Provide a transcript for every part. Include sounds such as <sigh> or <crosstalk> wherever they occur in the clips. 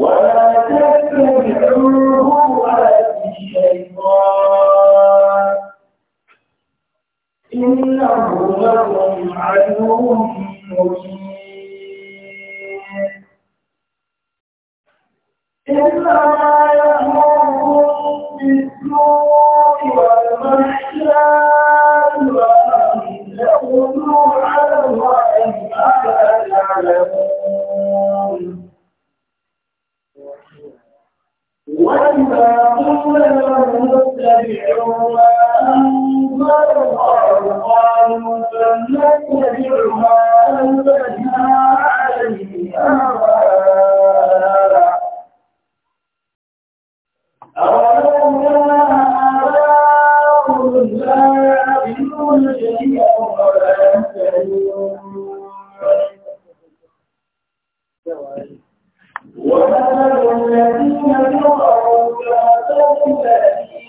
ولا تتبعوا خطوات الشيطان إنه لكم عدو مبين إنما يأمركم بالسوء والمحشر وأن تقولوا على الله ما لا تعلمون Allah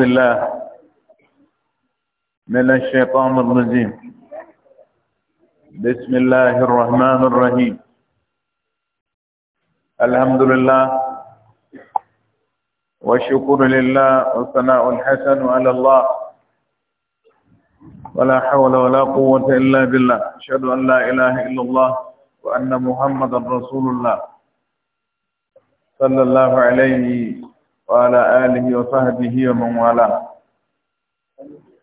بالله من الشيطان الرجيم بسم الله الرحمن الرحيم الحمد لله والشكر لله والثناء الحسن على الله ولا حول ولا قوة إلا بالله أشهد أن لا إله إلا الله وأن محمدا رسول الله صلى الله عليه وعلى آله وصحبه ومن والاه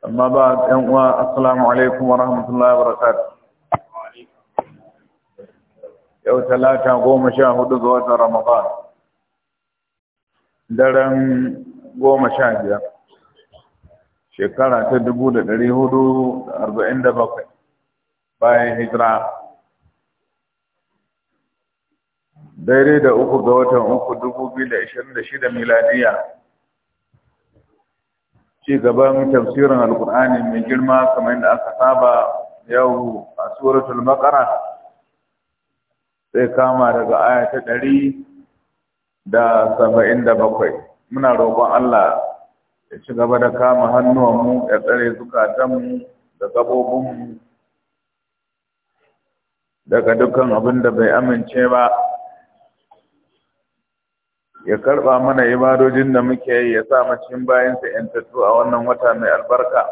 أما بعد السلام عليكم ورحمة الله وبركاته yau talata goma sha hudu ga watan ramadan daren goma sha biyar shekara ta dubu da dari hudu da arba'in da bakwai bayan hijira daidai da uku ga watan uku dubu biyu da ashirin da shida miladiya ci gaban tafsirin alkur'ani mai girma kamar yadda aka saba yau a suratul makara sai kama daga aya ta ɗari da saba'in da bakwai muna roƙon allah ya ci gaba da kama hannuwanmu ya tsare zukatanmu da gabobinmu daga dukkan abin da bai amince ba ya karɓa mana ibadojin da muke yi ya sa macin bayansa yantattu a wannan wata mai albarka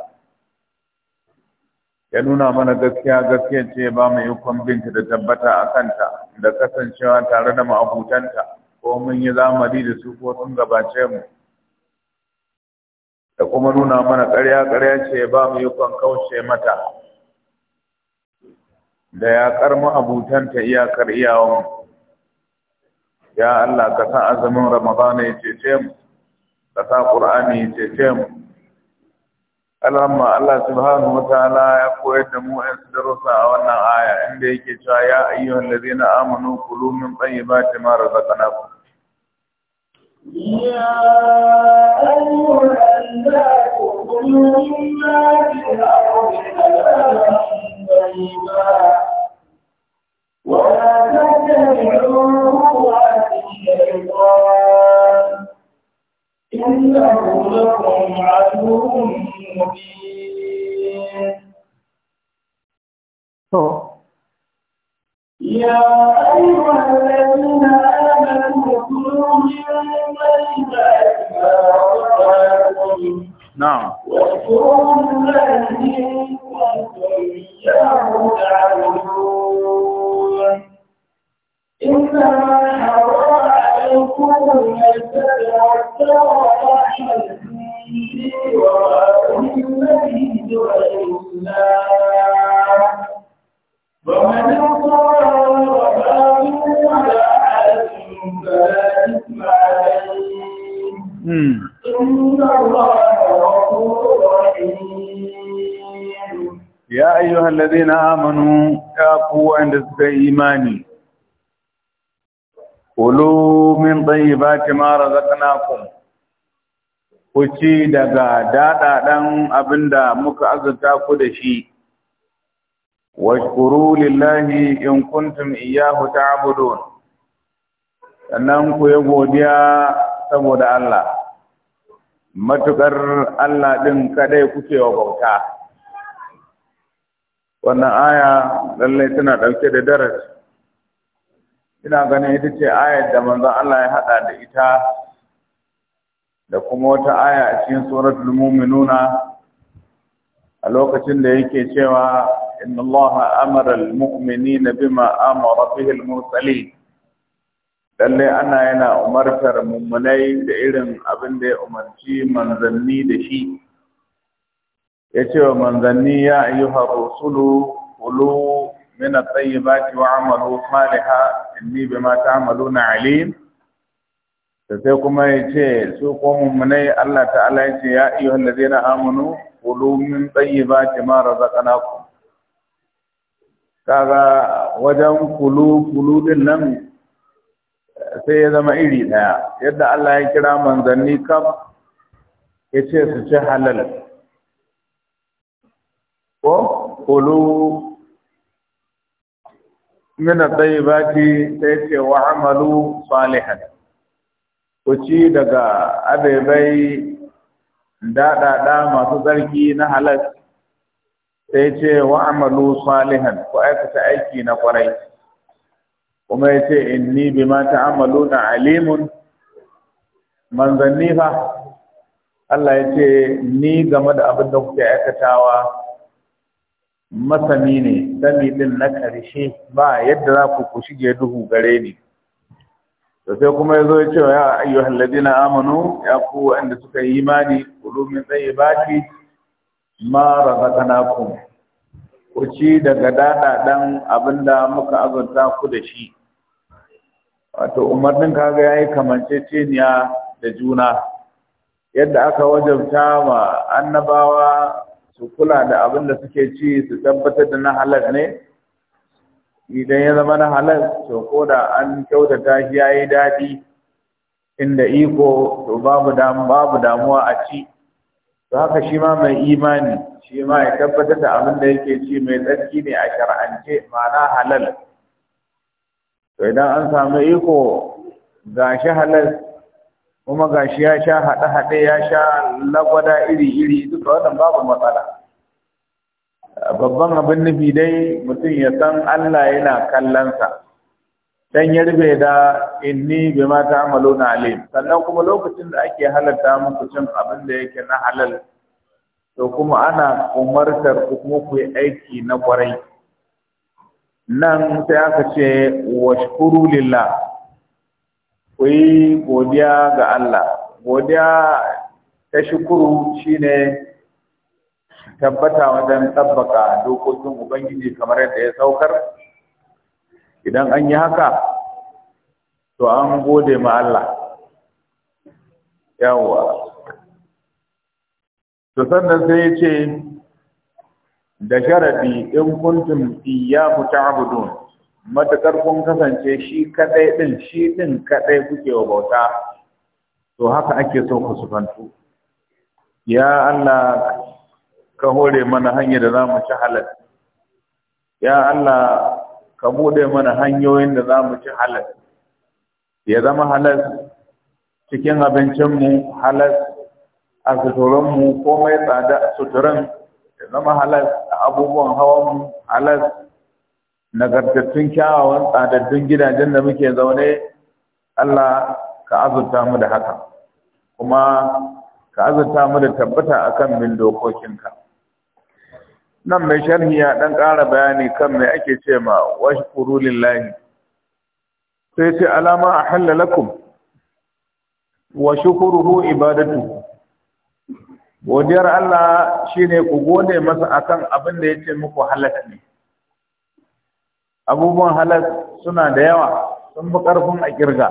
ya nuna mana gaskiya gaskiya ce ba mu yi binta da tabbata a kanta da kasancewa tare da ma'abutanta ko mun yi zamani da su ko sun gabace mu da kuma nuna mana ƙarya ƙarya ce ba mu kwan kauce mata da yaƙar ma'abutanta iyakar iyawan ya Allah ka sa azumin Ramadan ya cece mu ka sa qur'ani ya cece mu Allahumma Allah subhanahu wa ta'ala ya koyar da mu ayyukan darussa a wannan aya inda yake cewa ya ayyuhal ladina amanu kulu min tayyibati ma razaqnakum يا أيها الناس كلوا مما في الأرض حلالا طيبا ولا تتبعوا الشيطان إنه لكم عدو مبين يا أيها الذين آمنوا كلوا من طيبات ما رزقناكم نعم واذكروا الذي كنتم إياه تعبدون إنما حرم يكون الجل حتى رحمة مني وأهل المجد والإسلام ومن اضطر وباب على عدل فلا إثم عليه إن الله غفور رحيم يا أيها الذين آمنوا يا قوة عند إيماني kulu min tayyibati ma razaqnakum ku ci daga dadadan abinda muka azurta ku da shi washkuru lillahi in kuntum iyyahu ta'budun sannan ku yi godiya saboda Allah matukar Allah din kadai kuke wa bauta wannan aya lallai tana dauke da darasi ina ganin ita ce ayar da manzon Allah ya hada da ita da kuma wata aya a cikin suratul mu'minuna a lokacin da yake cewa inna Allah amara al-mu'minina bima amara bihi al-mursalin lallai ana yana umartar mummunai da irin abin da ya umarci manzanni da shi ya ce wa manzanni ya ayyuha rusulu qulu من الطيبات وعملوا صالحا اني بما تعملون عليم sai kuma ya ce su kuma munai Allah ta'ala ya ce ya ayyuhal ladina amanu kulu min tayyibati ma razaqnakum kaga wajen kulu kulu din nan sai ya zama iri ɗaya, yadda Allah ya kira manzanni kaf ya ce su ci halal min at-tayyibati sai ce wa amalu salihan ku ci daga abebai daɗaɗa masu zargi na halas sai ce wa amalu salihan ku aikata aiki na kwarai kuma ya ce inni bi ma ta'amalu na alimun manzanni fa Allah ya ce ni game da abinda kuke aikatawa masani ne sani din na ƙarshe ba yadda za ku ku shige duhu gare ni to sai kuma ya zo ya cewa ya ayyuhal ladina amanu ya ku wanda suka yi imani kulu min tayyibati ma razaqnakum ku ci daga dada dan abinda muka azurta ku da shi wato umarnin kaga yayi kamanceceniya da juna yadda aka wajabta wa annabawa su kula da abin da suke ci su tabbatar da na halal ne idan ya zama na halal to ko da an kyautata shi ya yi daɗi inda iko to babu babu damuwa a ci to haka shi ma mai imani shi ma ya tabbatar da abin da yake ci mai tsarki ne a shar'ance ma'ana halal to idan an samu iko gashi halal kuma gashi ya sha haɗe-haɗe ya sha lagwada iri-iri duka wannan babu matsala babban abin nufi dai mutum ya san Allah yana kallonsa dan ya rube da inni bi ma na alim sannan kuma lokacin da ake halarta muku cin abin da yake na halal to kuma ana umartar ku kuma ku yi aiki na kwarai nan sai aka ce washkuru lillah Kuyi godiya ga Allah godiya ta shukuru shine tabbata wajen tabbaka dokokin ubangiji kamar yadda ya saukar idan an yi haka to an gode ma Allah yawwa to sannan sai ya ce da sharadi in kuntum iyyahu ta'budun matuƙar kun kasance shi kaɗai ɗin shi ɗin kaɗai kuke wa bauta to haka ake so ku sufantu ya Allah ka hore mana hanyar da za mu ci halal ya Allah ka buɗe mana hanyoyin da za mu ci halal ya zama halal cikin abincinmu halal a suturanmu komai tsada suturan ya zama halal a abubuwan hawanmu halal nagartattun kyawawan tsadaddun gidajen da muke zaune Allah ka azurta mu da haka kuma ka azurta mu da tabbata akan min dokokinka nan mai sharhi ya dan ƙara bayani kan mai ake ce ma washkuru lillahi sai ce alama a lakum wa shukuruhu ibadatu godiyar Allah shine ku gode masa akan abin da ya ce muku halatta ne abubuwan halas suna da yawa sun fi ƙarfin a ƙirga.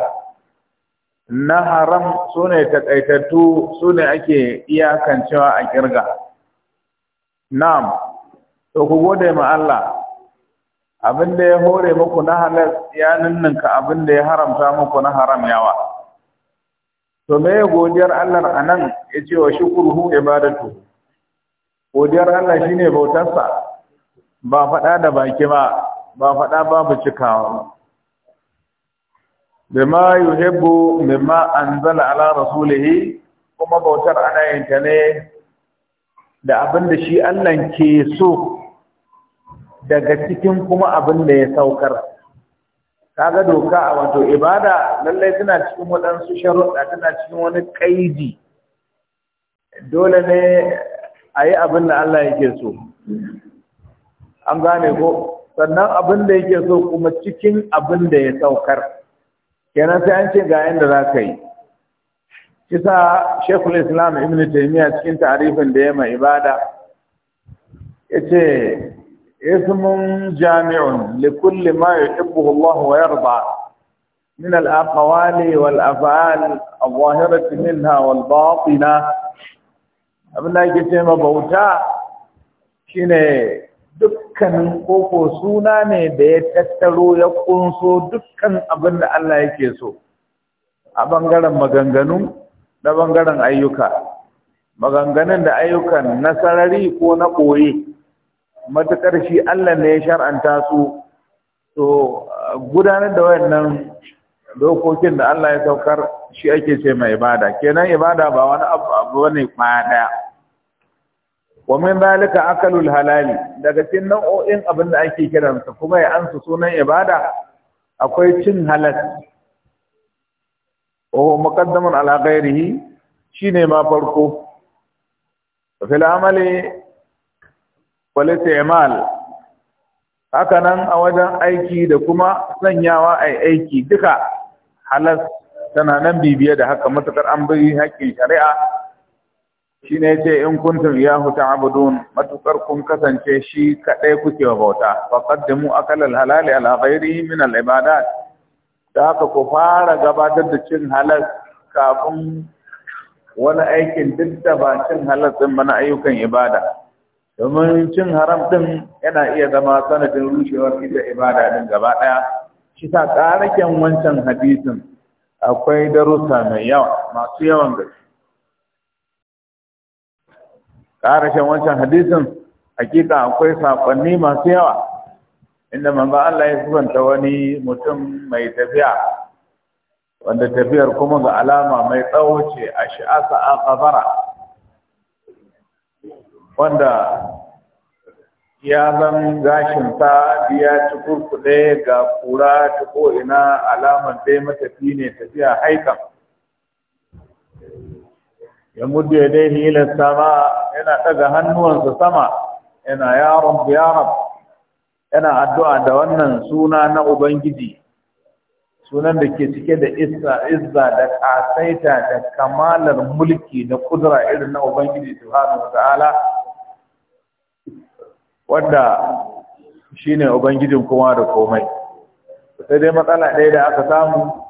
na haram su ne taƙaitattu su ne ake iyakancewa a ƙirga. na'am to ku gode ma Allah abin da ya hore muku na halas ya ninninka abin da ya haramta muku na haram yawa to me godiyar Allah a nan ya ce wa shukruhu ibadatu godiyar Allah shine bautarsa ba faɗa da baki ba ba faɗa babu cikawa bima yuhibbu mimma anzala ala rasulihi kuma bautar ana yin ta ne da abin da shi Allah ke so daga cikin kuma abin da ya saukar kaga doka a wato ibada lallai tana cikin waɗansu sharuɗa tana cikin wani ƙaidi dole ne a yi abin da Allah yake so an gane ko sannan abin da yake so kuma cikin abin da ya saukar kenan sai an ce ga yadda za ka yi kisa shekul islam ibn taimiyya cikin tarifin da ya mai ibada ya ce ismun jami'un likulli ma yuhibbuhu Allah wa yarda min al wal af'al adh-dhahirati minha wal batina abin da yake ce ma bauta shine dukkanin koko suna ne da ya tattaro ya kunso dukkan abin da Allah yake so a bangaren maganganu da bangaren ayyuka maganganun da ayyukan na sarari ko na koyi matuƙar shi Allah ne ya shar'anta su to gudanar da wayannan dokokin da Allah ya saukar shi ake ce mai ibada kenan ibada ba wani abu bane kwaya ɗaya. wa min zalika akalul halali daga cikin nau'o'in abin da ake kiransa kuma ya ansa sunan ibada akwai cin halal wa muqaddamun ala ghairihi shine ma farko fil amali wal istimal haka nan a wajen aiki da kuma sanyawa ai aiki duka halas tana nan bibiye da haka matakar an bi haƙƙin shari'a shi ne ce in kuntum iyahu Abudun. matukar kun kasance shi kaɗai kuke wa bauta mu akalal halali ala ghairihi min al ta haka ku fara gabatar da cin halal kafin wani aikin duk da ba cin halal din mana ayyukan ibada domin cin haram ɗin yana iya zama sanadin rushewar ita ibada din gaba ɗaya. shi ta karaken wancan hadisin akwai darussa mai yawa masu yawan gaske ƙarashen wancan hadisin hakika akwai saƙonni masu yawa inda manzo Allah ya sifanta wani mutum mai tafiya wanda tafiyar kuma ga alama mai tsawo ce a sha'asa a wanda ya zan ta ya ci kurkuɗe ga kura ta ko'ina alamar dai matafi ne tafiya haikan ya mudu ya dai hilar sama yana ɗaga hannuwansa sama yana ya rabu ya rabu yana addu'a da wannan suna na Ubangiji sunan da ke cike da izza da ƙasaita da kamalar mulki da kudura irin na Ubangiji Subhanahu wa ta'ala wanda shine Ubangijin kuma da komai sai dai matsala ɗaya da aka samu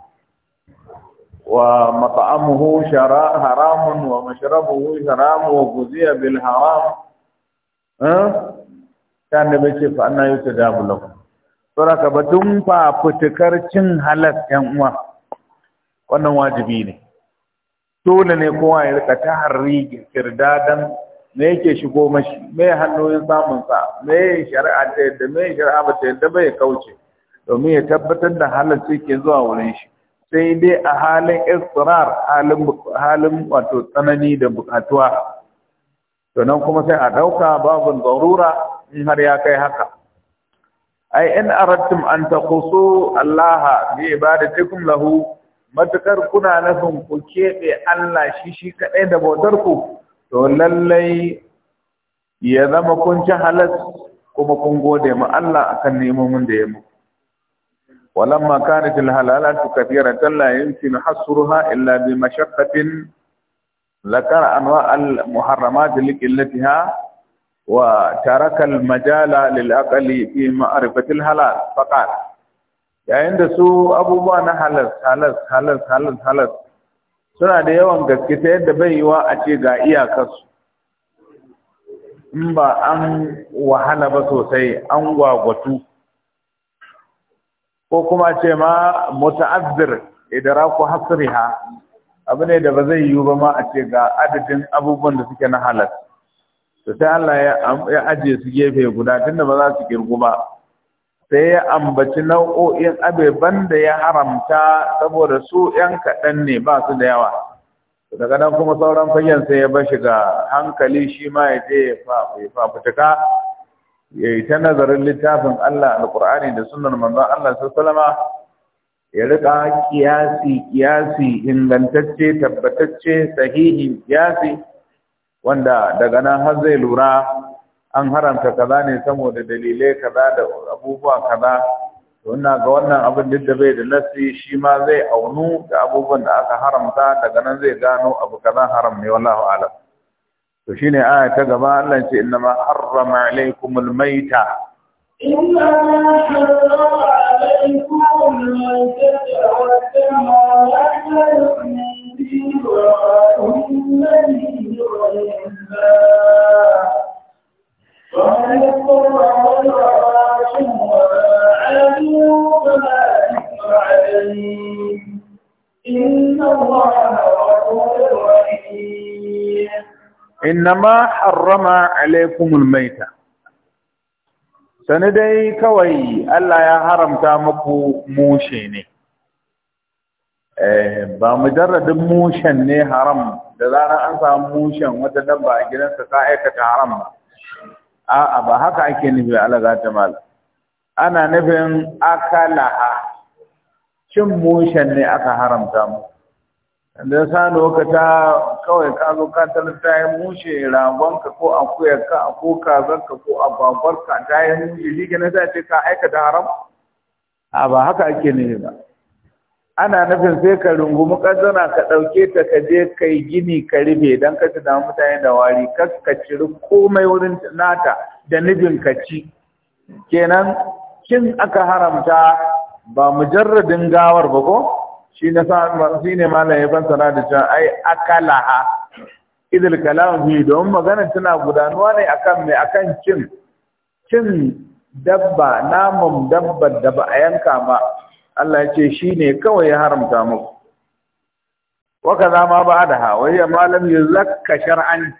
Wa wa haramun haramun ومطعمه شراء حرام ومشربه حرام وغذي بالحرام أه؟ كان بيشي فأنا يتجاب لكم saboda batun fafutukar cin halas ‘yan uwa wannan wajibi ne dole ne kowa ya rika ta harri kirdadan me yake shigo mashi me hanyoyin samunsa me shari'a ta yadda me shari'a ba ta yadda bai kauce domin ya tabbatar da halas ke zuwa wurin shi sai dai a halin istirar halin wato tsanani da bukatuwa to kuma sai a dauka babu zarura in har ya kai haka ai in aradtum an taqusu allaha bi ibadatikum lahu matakar kuna nufin ku keɓe Allah shi shi kaɗai da bautar ku to lallai ya zama kun ci halas kuma kun gode ma Allah akan mun da ya muku ولما كانت الهلالات كثيرة لا يمكن حصرها إلا بمشقة ذكر أنواع المحرمات لقلتها وترك المجال للأقل في معرفة الهلال فقال yayin da su abubuwa na halar-halar, halas halas suna da yawan gaske ta yadda bai yiwa a ce ga iyakarsu in ba an wahala ba sosai an gwagwatu ko kuma ce ma muta'azzir idraku hasriha abu ne da ba zai yiwu ba ma a ce ga adadin abubuwan da suke na halal to sai Allah ya aje su gefe guda tunda ba za su girgu ba sai ya ambaci nau'o'in abeban da ya haramta saboda su 'yan kaɗan ne ba su da yawa daga nan kuma sauran fagen sai ya bashi ga hankali shi ma ya je ya fafutuka ya yi ta nazarin littafin Allah alƙur'ani da sunan manzon Allah sallallahu ya rika kiyasi kiyasi ingantacce tabbatacce sahihi kiyasi wanda daga nan har zai lura an haramta kaza ne saboda dalilai kaza da abubuwa kaza to ina ga wannan abin duk da bai da nasi shi ma zai aunu da abubuwan da aka haramta daga nan zai gano abu kaza haram ne wallahu a'lam to shine aya ta gaba Allah ce inna ma harrama alaikumul maita inna ma harrama alaikumul maita wa kama إن الله غفور رحيم innama harrama alaikumul maita sani dai kawai Allah ya haramta muku mushe ne eh, ba mujarradin mushen ne haram da zarar an samu mushen wata dabba a gidansa ta aikata haram ba a'a ba haka ake nufi Allah mal ana nufin akalaha cin mushen ne aka haramta muku da sa lokata kawai ka zo ka talata ya mushe ragonka ko ka ko kazanka ko ka ta yi mushe shi na ce ka aikata haram a ba haka ake ne ba ana nufin sai ka rungumi ƙazana ka ɗauke ta ka je ka gini ka rufe don ka da mutane da wari ka ka ciri komai wurin nata da nufin ka ci kenan kin aka haramta ba mujarradin gawar ba ko shi na sa shi ne malam ya sana da cewa ai akalaha idil kalam fi don magana tana gudanuwa ne akan mai akan cin cin dabba namun dabbar da ba a yanka ba Allah ya ce shi ne kawai ya haramta muku waka za ma ba da hawa, ya malam ya zakka shar'an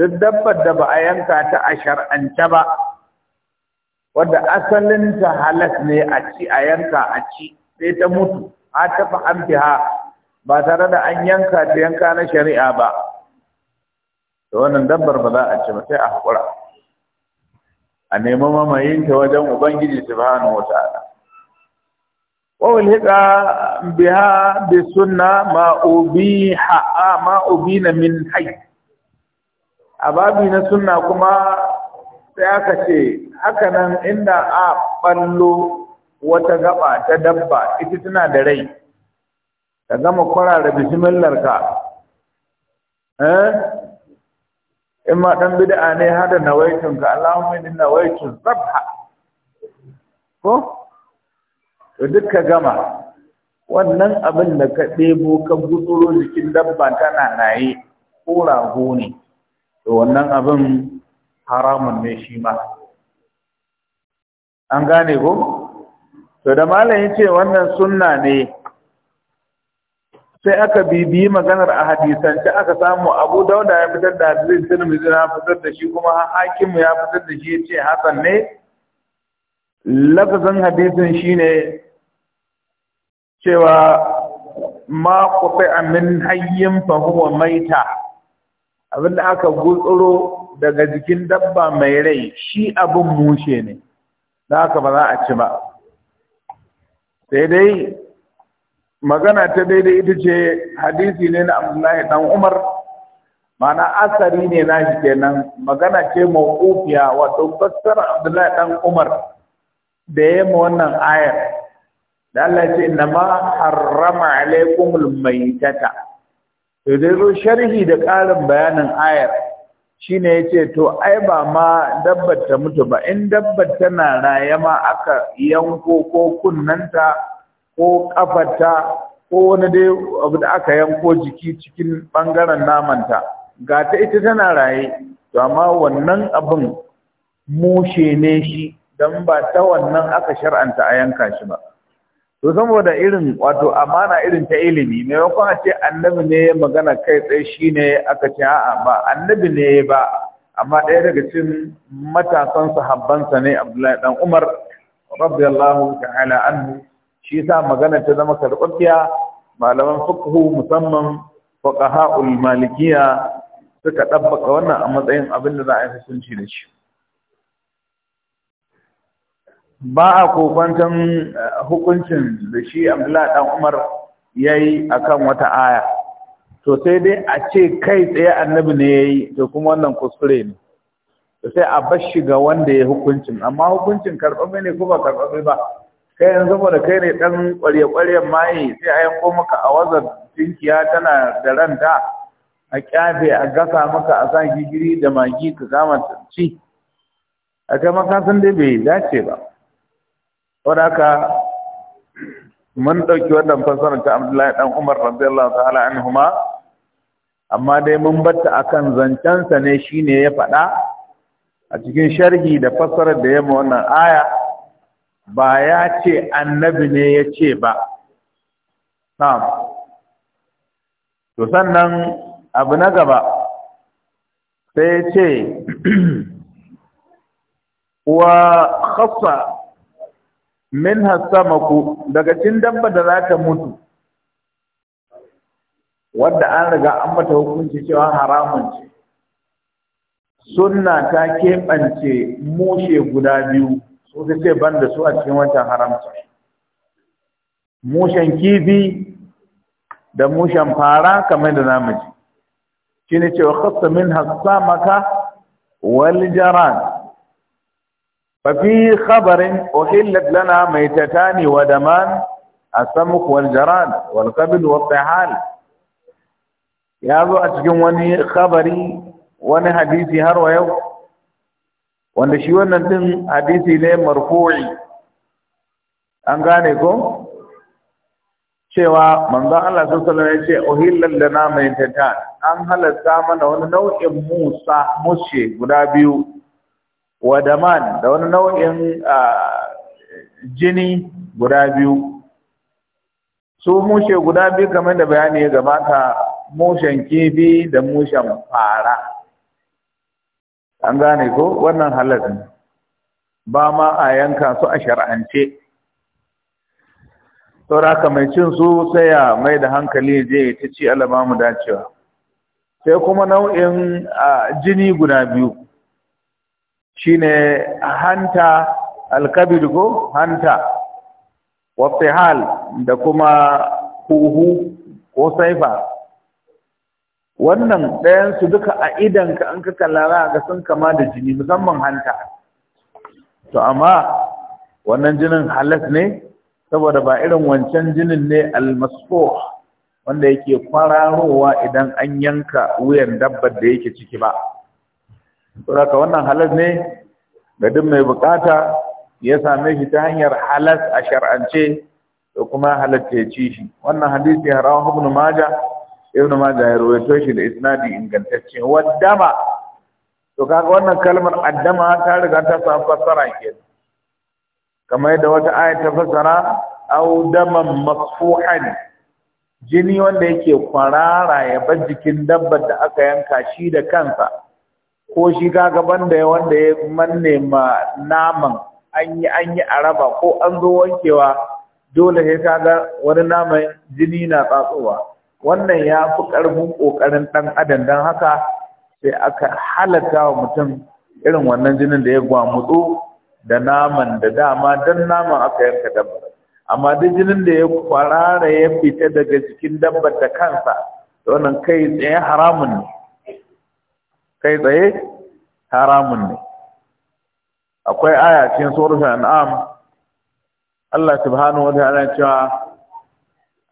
duk dabbar da ba a yanka ta a shar'ance ba wadda asalin ta halas ne a ci a yanka a ci sai ta mutu a taɓa amfiha ba tare da an yanka ta yanka na shari'a ba da wannan dabbar ba za a ce sai a haƙura a nemi ta wajen ubangiji subhanahu wa ma ubi na min ما أبيح ما أبين من kuma أبابين aka كما haka hakanan inda a ɓallo wata gaba ta dabba ita tana da rai ka gama kwarara ka. eh in ma dan bid'a ne hada ka Allahumma inna nawaitu zabha ko to duk ka gama wannan abin da ka ɗebo ka gutsuro jikin dabba tana naye ko rago ne to wannan abin haramun ne shi ma an gane ko to da malam yace wannan sunna ne sai aka bibiyi maganar a hadisan, hadisance aka samu Abu Dauda ya fitar da hadisin Tirmidhi ya fitar da shi kuma Hakimu ya fitar da shi yace hasan ne lafazin hadisin shine cewa ma qati'a amin hayyin fa huwa maita abinda aka gutsuro daga jikin dabba mai rai shi abin mushe ne da aka ba za a ci ba sai dai magana ta daidai ita ce hadisi ne na abdullahi dan umar mana asari ne na shi kenan magana ce mawqufiya wato fassara abdullahi dan umar da ya ma wannan ayar da Allah ce inna ma harrama alaikumul maitata to dai zo sharhi da ƙarin bayanin ayar ne shi ya ce to ai ba ma dabbar ta mutu ba in dabbar tana raye ma aka yanko ko kunnanta ko kafarta ko wani dai abu da aka yanko jiki cikin bangaren namanta ga ta ita tana raye to amma wannan abin mushe ne shi don ba ta wannan aka shar'anta a yanka shi ba to saboda irin wato amana irin ta ilimi maimakon a ce annabi ne magana kai tsaye shine aka ce a'a ba annabi ne ba amma ɗaya daga cikin matasan sahabbansa ne Abdullahi dan Umar radiyallahu ta'ala anhu shi yasa magana ta zama karɓaɓɓiya malaman fuqhu musamman fuqaha'ul malikiyya suka ɗabbaka wannan a matsayin abin da za a yi hukunci da shi ba a kokwantan eh, hukuncin da shi abdullahi dan umar ya yi a kan wata aya to sai dai a ce kai tsaye annabi ne ya yi to kuma wannan kuskure ne to sai a bar shi ga wanda ya hukuncin amma hukuncin bai ne ko ba bai ba kai yanzu da kai ne ɗan ƙwarya ƙwaryan maye sai a yanko maka a wazar tinkiya tana da ranta a kyafe a gasa maka a sa gigiri da magi ka gama ci a kai makasan dai bai dace ba wadaka mun ɗauki wannan fasara ta abdullahi ɗan umar radiyallahu ta'ala anhuma amma dai mun batta akan zancensa ne shine ya faɗa a cikin sharhi da fasara da yamma wannan aya ba ya ce annabi ne ya ce ba na'am to sannan abu na gaba sai ya ce <clears throat> wa khassa min ku daga cin dabba da za ta mutu wadda an riga an mata hukunci cewa haramun ce sunna ta keɓance mushe guda biyu su ta ce ban da su a cikin wancan haramta. mushen kifi da mushen fara kamar da namiji shi ne cewa kasta min ka wal jaran ففي خبر أحلت لنا ميتتان ودمان السمك والجراد والقبل والطحال يا ذو أتجن وني خبري وني حديثي هر ويو wanda shi wannan din hadisi ne marfu'i an gane ko cewa manzo Allah sallallahu alaihi wasallam yace uhillal lana maytatan an halarta mana wani nau'in musa mushe guda biyu wa da wani nau'in jini guda biyu su mushe guda biyu kamar da bayani ya gabata mushen kifi da mushen fara an gane ko wannan halatin ba ma a yanka su a shar'ance sauraka mai cin su sai ya mai da hankali je ta ci alama mu dacewa sai kuma nau'in jini guda biyu shine hanta alkabir ko hanta waftihal da kuma huhu ko saifa wannan ɗayansu duka a idanka an ka kallara ga sun kama da jini musamman hanta to amma wannan jinin halas ne saboda ba irin wancan jinin ne almasfuh wanda yake kwararowa idan an yanka wuyan dabbar da yake ciki ba saboda wannan halas ne ga duk mai bukata ya same shi ta hanyar halas a shar'ance da kuma halatta ya ci shi wannan hadisi harawa ibn maja ibn maja ya rawaito shi da isnadi ingantacce waddama to kaga wannan kalmar addama ta riga ta samu fassara ke. kamar yadda wata aya ta fassara au daman masfuhan jini wanda yake kwarara ya bar jikin dabbar da aka yanka shi da kansa ko shi kaga da wanda ya manne ma naman an yi an yi araba ko an zo wankewa dole sai kaga wani naman jini na tsatsowa wannan ya fi ƙarfin ƙoƙarin ɗan adam don haka sai aka halatta wa mutum irin wannan jinin da ya gwamutso da naman da dama don naman aka yanka dabba amma duk jinin da ya kwarara ya fita daga cikin dabbar da kansa da wannan kai tsaye haramun ne kai tsaye haramun ne akwai aya cikin an'am Allah subhanahu wa ta'ala cewa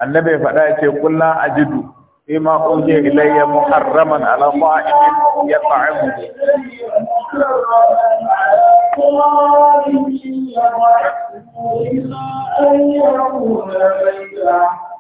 annabi ya faɗa yace qul la ajidu fima uhiya ilayya muharraman ala ta'imin yat'amu Thank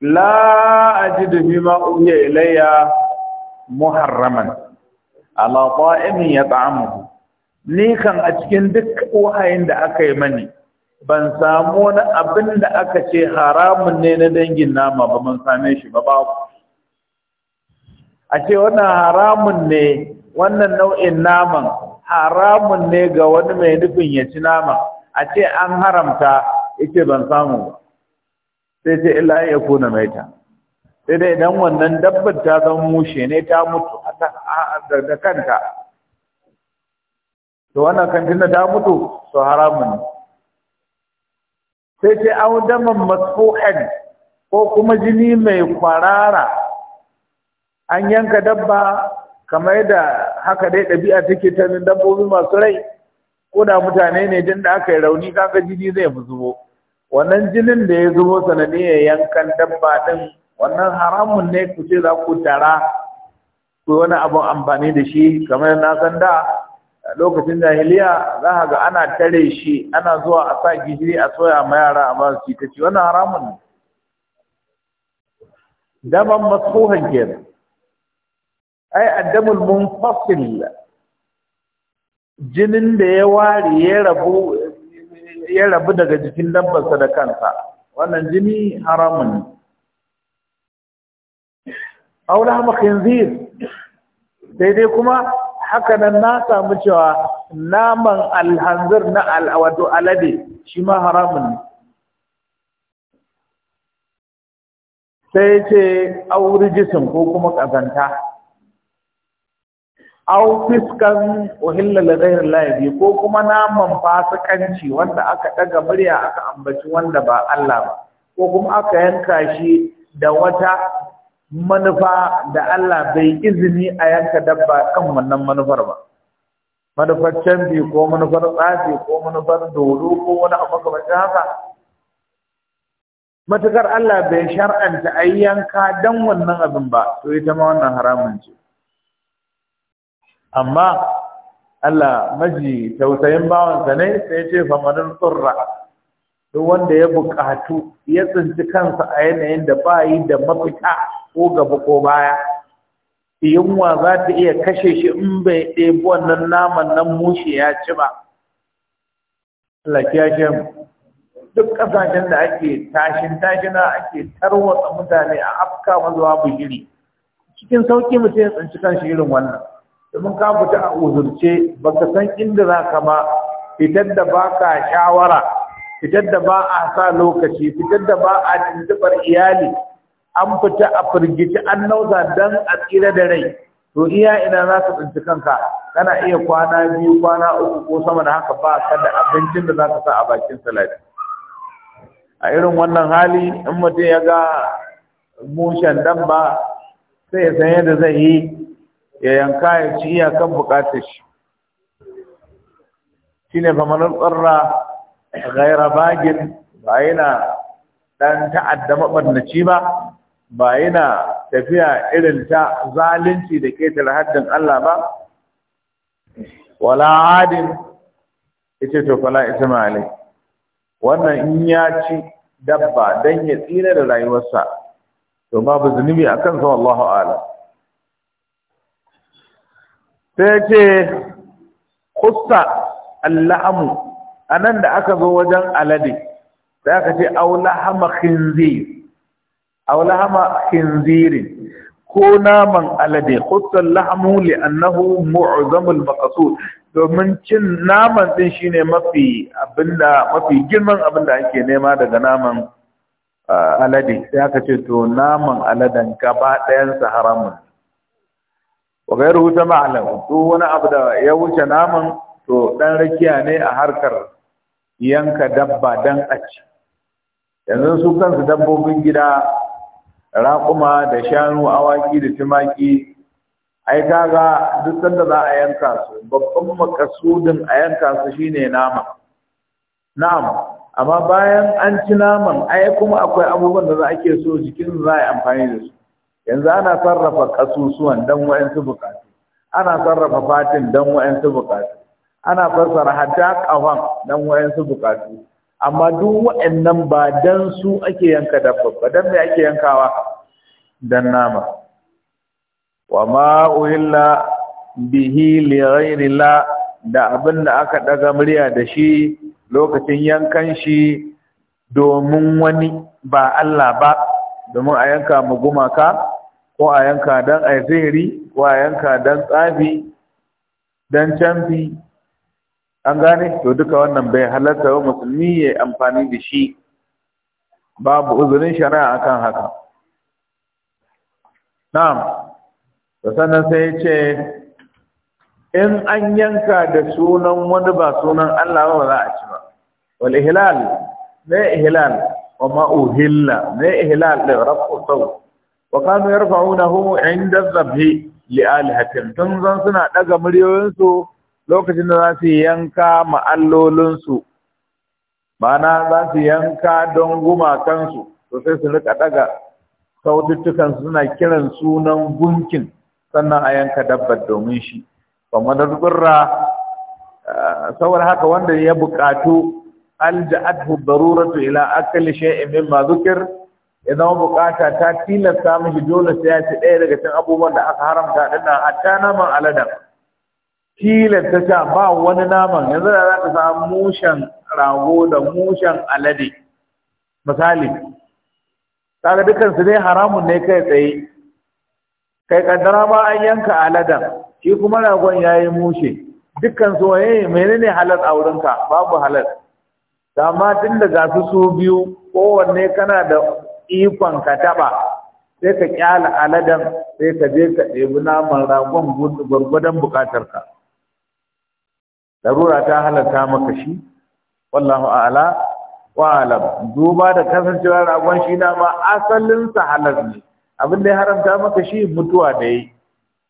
la ajidu mimma uhiya ilayya muharraman ala ta'imin yat'amuhu ni kan a cikin duk wahayin da aka yi mani ban samu wani abin da aka ce haramun ne na dangin nama ba ban same shi ba babu a ce wannan haramun ne wannan nau'in naman haramun ne ga wani mai nufin ya ci nama a ce an haramta ita ban samu ba sai ce illa ya kuna ta sai dai idan wannan dabbar ta zama mushe ne ta mutu da kanta to wannan kantina ta mutu to haramun sai sai an daman masfuhan ko kuma jini mai kwarara an yanka dabba kamar da haka dai ɗabi'a take ta dabbobi masu rai ko da mutane ne din da aka yi rauni kaga jini zai fi zubo wannan jinin da ya zubo sanadiyar yankan dabba ɗin wannan haramun ne ku ce za ku tara ku wani abun amfani da shi kamar na san da lokacin jahiliya za ka ga ana tare shi ana zuwa a sa gishiri a soya ma yara a ba su ta ci wannan haramun ne daban masfuhan kenan ai addamul munfasil jinin da ya ware ya rabu ya rabu daga jikin dabbarsa da kansa wannan jini haramun aula ma khinzir sai dai kuma haka nan na samu cewa naman alhanzir na al'awadu alade shi ma haramun ne sai ce auri jisin ko kuma ƙazanta aw fiskan uhilla li ghayri llahi ko kuma naman fasikanci wanda aka daga murya aka ambaci wanda ba Allah ba ko kuma aka yanka shi da wata manufa da Allah bai izini a yanka dabba kan wannan manufar ba manufar canfi ko manufar tsafi ko manufar dodo ko wani abu kamar haka matukar Allah bai shar'anta ayyanka dan wannan abin ba to ita ma wannan haramun ce amma Allah maji tausayin bawansa ne sai ce famanin tsurra duk wanda ya buƙatu ya tsinci kansa a yanayin da ba yi da mafita ko gaba ko baya yunwa za ta iya kashe shi in bai ɗebi wannan naman nan mushe ya ci ba Allah duk kasashen da ake tashin tashina ake tarwatsa mutane a afka mazuwa bujiri cikin sauki mutum ya tsinci kan shi irin wannan domin ka fita a uzurce baka san inda za ka ba fitar da ba ka shawara fitar da ba a sa lokaci fitar da ba a tuntuɓar iyali an fita a firgici an nausa don a tsira da rai to iya ina za ka tsinci kanka kana iya kwana biyu kwana uku ko sama da haka ba ka da abincin da za ka sa a bakin salati a irin wannan hali in mutum ya ga mushen dan ba sai ya san yadda zai yi ya yanka ya ci iyakan bukatar shi Shi ne famanar tsarra gaira bagin ba yana ɗan ta'adda mabarnaci ba ba yana tafiya irin ta zalunci da ketare haddin Allah ba wala adin ita to fala isma wannan in ya ci dabba dan ya tsira da rayuwarsa to babu zunubi akan sa wallahu ala. sai ce kusa allahamu a nan da aka zo wajen alade sai aka ce aulahama khinzir ko naman alade kusa allahamu li'annahu mu'zamul maqsud domin cin naman din shine mafi abinda mafi girman abinda ake nema daga naman ah, alade sai aka ce to naman aladen gaba ɗayan saharamun haramun wa gairu ta duk wani abu da ya wuce naman to dan rakiya ne a harkar yanka dabba dan a ci yanzu su kansu dabbobin gida raƙuma da shanu awaki da tumaki ai kaga duk sanda za a yanka su babban makasudin a yanka su shine nama na'am amma bayan an ci naman ai kuma akwai abubuwan da za ake so jikin za a yi amfani da su yanzu ana sarrafa kasusuwan dan su bukatu ana sarrafa fatin dan su bukatu ana fassara hatta kafan dan su bukatu amma duk wayannan ba don su ake yanka dabba ba don me ake yankawa Don nama wa ma uhilla bihi li da abin da aka daga murya da shi lokacin yankan shi domin wani ba Allah ba domin a yanka mu gumaka ko a yanka don a sihiri ko a yanka don tsafi don canfi an gane to duka wannan bai halatta wa musulmi ya amfani da shi babu uzurin shari'a akan haka na'am Da sannan sai ya ce in an yanka da sunan wani ba sunan Allah ba za a ci ba wal ihlal ne ihlal wa ma uhilla ne ihlal da rafu sau wa kanu yarfa'unahu inda dhabhi li alihatin tun zan suna daga muryoyinsu lokacin da za su yanka ma'allolinsu ma'ana za su yanka don gumakansu to sai su rika daga saututtukan suna kiran sunan gunkin sannan a yanka dabba domin shi kamar zurra eh, saboda haka wanda ya buƙatu alja'atu daruratu ila akli shay'in mimma dhukir ya zama bukata ta tilasta mishi dole sai ya ci ɗaya daga cikin abubuwan da aka haramta din a ta naman aladan tilasta ta ba wani naman yanzu da za ka samu mushen rago da mushen alade misali kaga dukan su dai haramun ne kai tsaye kai kaddara ma an yanka aladan shi kuma ragon yayi mushe dukkan su waye menene halar a wurinka babu halar. amma tun da gasu su biyu kowanne kana da ikon ka taɓa sai ka kyala aladan sai ka je ka ɗebi naman ragon gwargwadon ka. Darura ta halatta maka shi wallahu a'ala wa'alam duba da kasancewar ragon shi na asalin asalinsa halar ne abin da ya haramta maka shi mutuwa da yi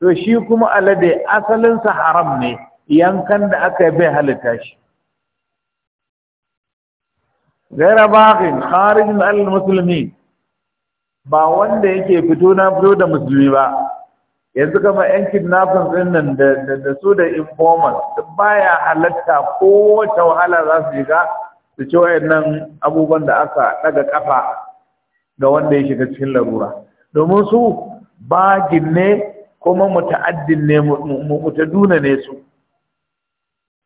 to shi kuma alade asalinsa haram ne yankan da aka yi bai halitta shi غير baƙin kharijin من musulmi ba wanda yake fito na fito da musulmi ba yanzu kama yan kidnappers din nan da su da informant duk baya halatta kowace wahala za su shiga su ci wayannan abubuwan da aka ɗaga kafa ga wanda ya shiga cikin larura domin su bagin ne kuma muta'addin ne mutaduna ne su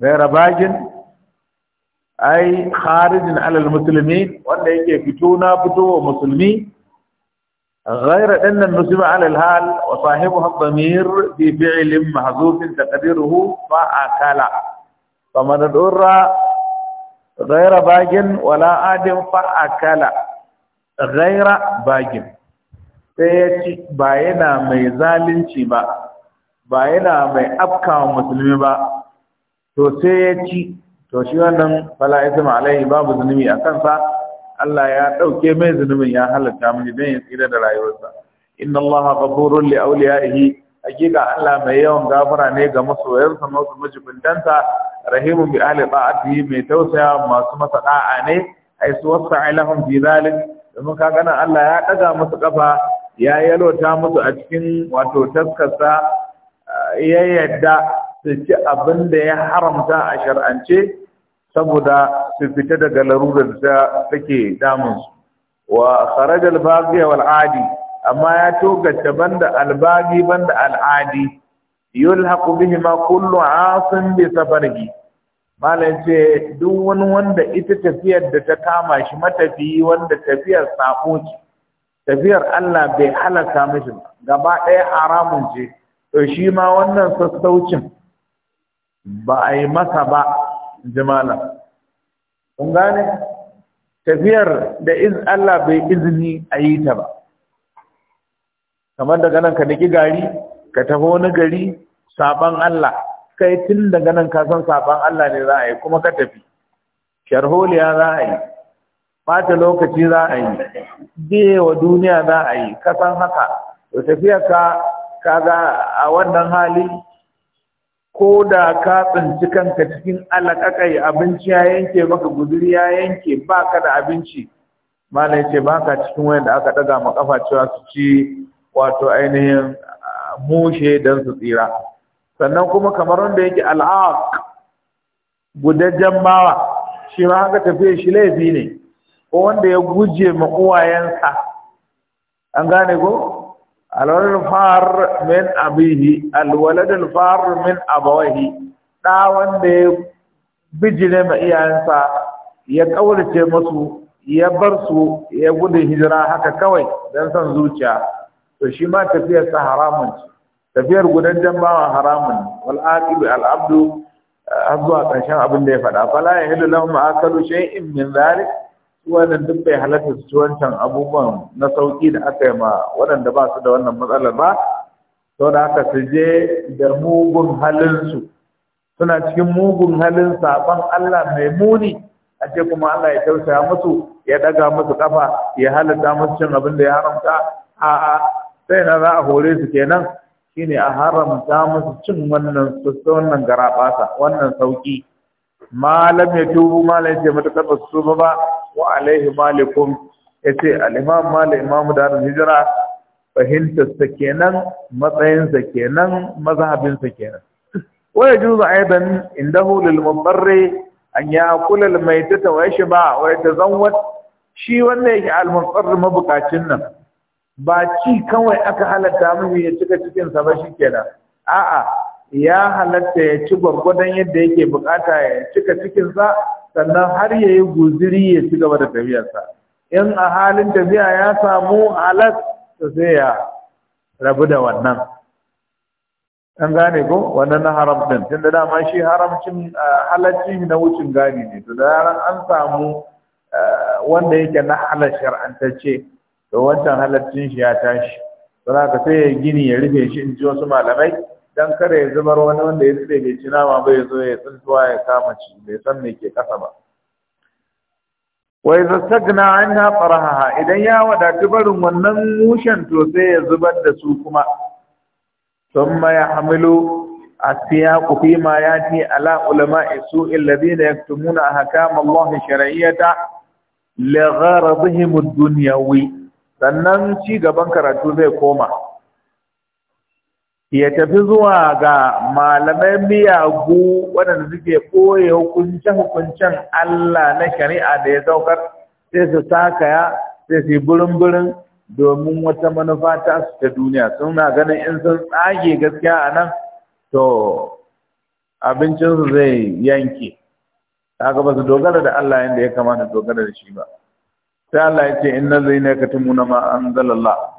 gaira bagin ai kharijin alal musulmi wanda yake fito na fito wa musulmi غير أن النسبة على الهال وصاحبها الضمير بفعل محذوف تقديره فأكل فمن الأرى غير باج ولا آدم فأكل غير باج سيأتي باينا مي ظالنشي با باينا مي أبكى مسلمي با تو سيأتي to shi wannan fala isma alaihi babu zunubi akan sa Allah ya ɗauke mai zunubin ya halatta mini don ya tsira da rayuwarsa inna Allah ghafurun li awliyaihi hakika Allah mai yawan gafara ne ga masoyansa masu majibintansa rahimun bi ahli ta'atihi mai tausaya masu masa da'a ne ai su wasa'a fi zalik domin ka gana Allah ya ɗaga masu kafa ya yalota musu a cikin wato taskarsa ya yadda su ci abin da ya haramta a shar'ance saboda su fita daga larurar da take damun su wa kharaj al-baghi wal adi amma ya togata banda al-baghi banda al-adi yulhaqu ma kullu asin bi safarhi malam ce duk wani wanda ita tafiyar da ta kama shi matafiyi wanda tafiyar sako ce tafiyar Allah bai halaka mishi gaba ɗaya haramun ce to shi ma wannan sassaucin ba a yi masa ba jimala kun gane tafiyar da iz Allah bai izini a yi ta ba kamar daga nan ka niki gari ka tafi wani gari saban Allah kai tun daga nan ka san saban Allah ne za a yi kuma ka tafi sharholiya za a yi ɓata lokaci za a yi wa duniya za a yi Ka san haka to tafiyar ka ga a wannan hali ko da ka tsinci kanka cikin alaƙaƙai abinci ya yanke maka guduri ya yanke ba ka da abinci ya ce ba ka cikin wayan da aka ɗaga ma ƙafa cewa su ci wato ainihin ah, mushe don su tsira sannan kuma kamar wanda yake al'aq gudajen bawa shi ma haka tafiya shi laifi ne ko wanda ya guje ma uwayensa an gane ko alwaladul far min abihi alwaladul far min abawahi da wanda ya bijire ma iyayensa ya kaurace musu ya bar su ya gudun hijira haka kawai dan san zuciya to shi ma tafiyar sa haramun tafiyar gudan jambawa haramun wal aqibi al abdu har zuwa ƙarshen abin da ya faɗa fala ya hidu lahum akalu shay'in min zalik wannan duk bai halatta su wancan abubuwan na sauki da aka yi ma waɗanda ba su da wannan matsalar ba to da aka su je da mugun halinsu suna cikin mugun halin saban Allah mai muni a ce kuma Allah ya tausaya musu ya daga musu kafa ya halatta musu cin abin da ya haramta a'a sai na za a hore su kenan shine a haramta musu cin wannan wannan garabasa wannan sauki malam ya tubu malam ya ce mata ba su tuba ba wa alaihi malikum ya ce al'imam malam imamu da hijira fahimtarsa kenan matsayinsa kenan mazhabinsa kenan wa yajuzu aidan indahu lil mudarri an yakula al maytata wa yashba wa yatazawwad shi wanda yake al mudarri mabukacin nan ba ci kawai aka halatta mu ya cika cikin sa ba shikenan a'a ya halatta ya ci gwargwadon yadda yake bukata ya cika cikinsa sannan har ya yi guziri ya ci gaba da tafiyarsa in a halin tafiya ya samu halas to sai ya rabu da wannan an gane ko wannan na haram din tunda dama shi haramcin halacci na wucin gani ne to da an samu wanda yake na halar shar'antacce to wancan halaccin shi ya tashi don ka sai ya gini ya rufe shi in ji wasu malamai dan kada ya zubar wani wanda ya tsere bai ci nama ba ya zo ya tsuntuwa ya kama ci bai san me ke kasa ba wa idza sagna anha faraha idan ya wadatu barin wannan mushen to sai ya zubar da su kuma thumma yahmilu asiyaqu fi ma yati ala ulama isu alladhina yaktumuna ahkam Allah shar'iyyata li gharadihim ad-dunyawi sannan ci gaban karatu zai koma ya tafi zuwa ga malamai miyagu waɗanda suke ɓoye hukunce-hukuncen Allah na shari'a da ya saukar sai su takaya sai su yi burin-burin domin wata manufa ta su ta duniya suna ganin in sun tsage gaskiya a nan to abincinsu zai yanke haka ba su dogara da Allah yadda ya kamata dogara da shi ba sai Allah ya ce inna zai ne ka tumuna ma an zalallah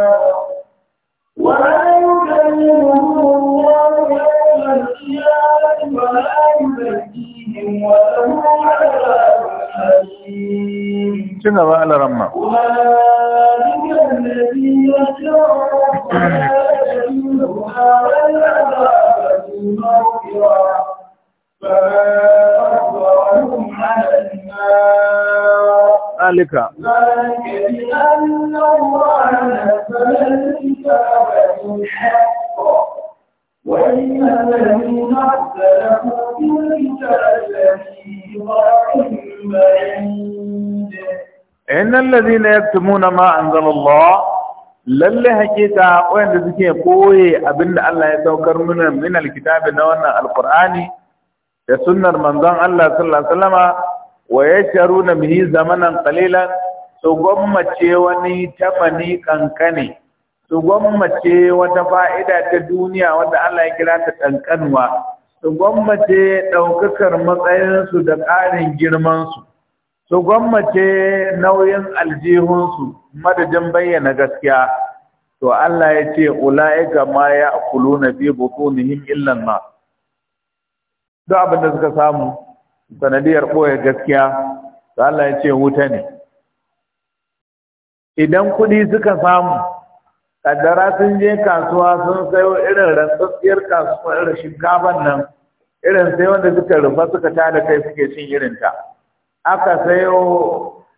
ci gaba alaran ma ذلك وإن الذين اختلفوا في الكتاب لفي ضلال بعيد innal ladhina yaktumuna ma anzalallah lalle hakika wanda suke koye abinda Allah ya saukar mana min na wannan alqur'ani da sunnar manzon Allah sallallahu alaihi wasallama wa yasharuna bihi zamanan qalilan su gwammace wani tamani kankane su gwammace wata fa'ida ta duniya wanda Allah ya kira ta kankanwa su gwammace daukakar matsayinsu da ƙarin girmansu su gwammace nauyin aljihunsu madadin bayyana gaskiya to Allah ya ce ula'ika ma ya na fi butunihim illan na duk abin da suka samu sanadiyar ɓoye gaskiya to Allah ya ce wuta ne idan kuɗi suka samu kaddara sun je kasuwa sun sayo irin rantsasiyar kasuwa irin shinkafan nan irin sai wanda suka rufa suka tada kai suke cin irinta aka sayo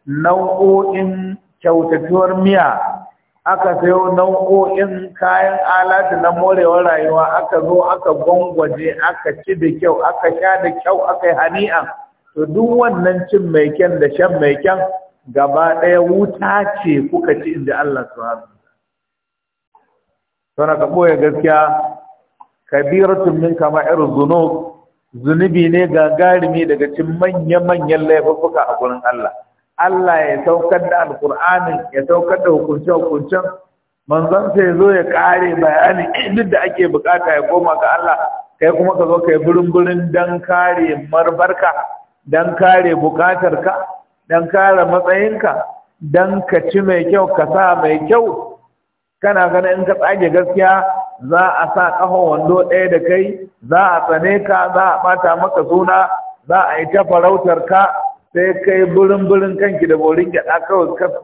nau'o'in kyautatuwar miya aka sayo nau'o'in kayan alatu na morewar rayuwa aka zo aka gwangwaje aka ci da kyau aka sha da kyau aka yi hani'a to duk wannan cin mai kyan da shan mai kyan gaba ɗaya wuta ce kuka ci inda Allah su hannu. sana ka ɓoye gaskiya kabiratun min kama irin zunub zunubi ne gagarumi daga cikin manya-manyan laifuffuka a gurin Allah Allah ya saukar da Alƙur'ani ya saukar da hukunce-hukuncen manzon sai zo ya kare bayani, duk da ake bukata ya koma ga Allah kai kuma ka zo kai burin-burin don kare marbarka don kare bukatarka don kare matsayinka don ka ci mai kyau ka sa mai kyau kana ganin in ka tsage gaskiya za a sa kafan wando ɗaya da kai za a tsane ka za a ɓata maka suna za a yi ta farautar ka sai kai birin-birin kanki da borin gyaɗa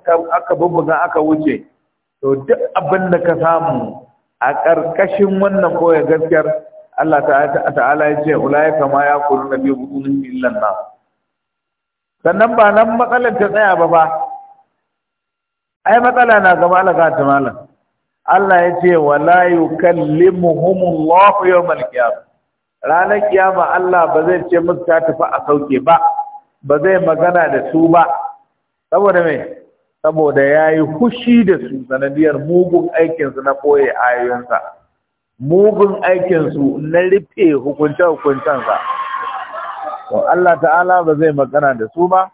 kawai aka bubbuga aka wuce to duk abin da ka samu a ƙarƙashin wannan koya gaskiyar Allah ta'ala ya ce ulai kama ya kuru na biyu bukunin illan na sannan ba nan matsalar ta tsaya ba ba ai matsala na gaba alaka ta malam Allah ya ce wa la yukallimuhumullahu yawmal qiyamah ranar kiyama Allah ba zai ce musu ta tafi a sauke ba ba zai magana da su ba saboda me saboda yayi hushi da su sanadiyar mugun aikinsu na koye ayoyinsa mugun aikinsu na rufe hukunce hukuncensa to Allah ta'ala ba zai magana da su ba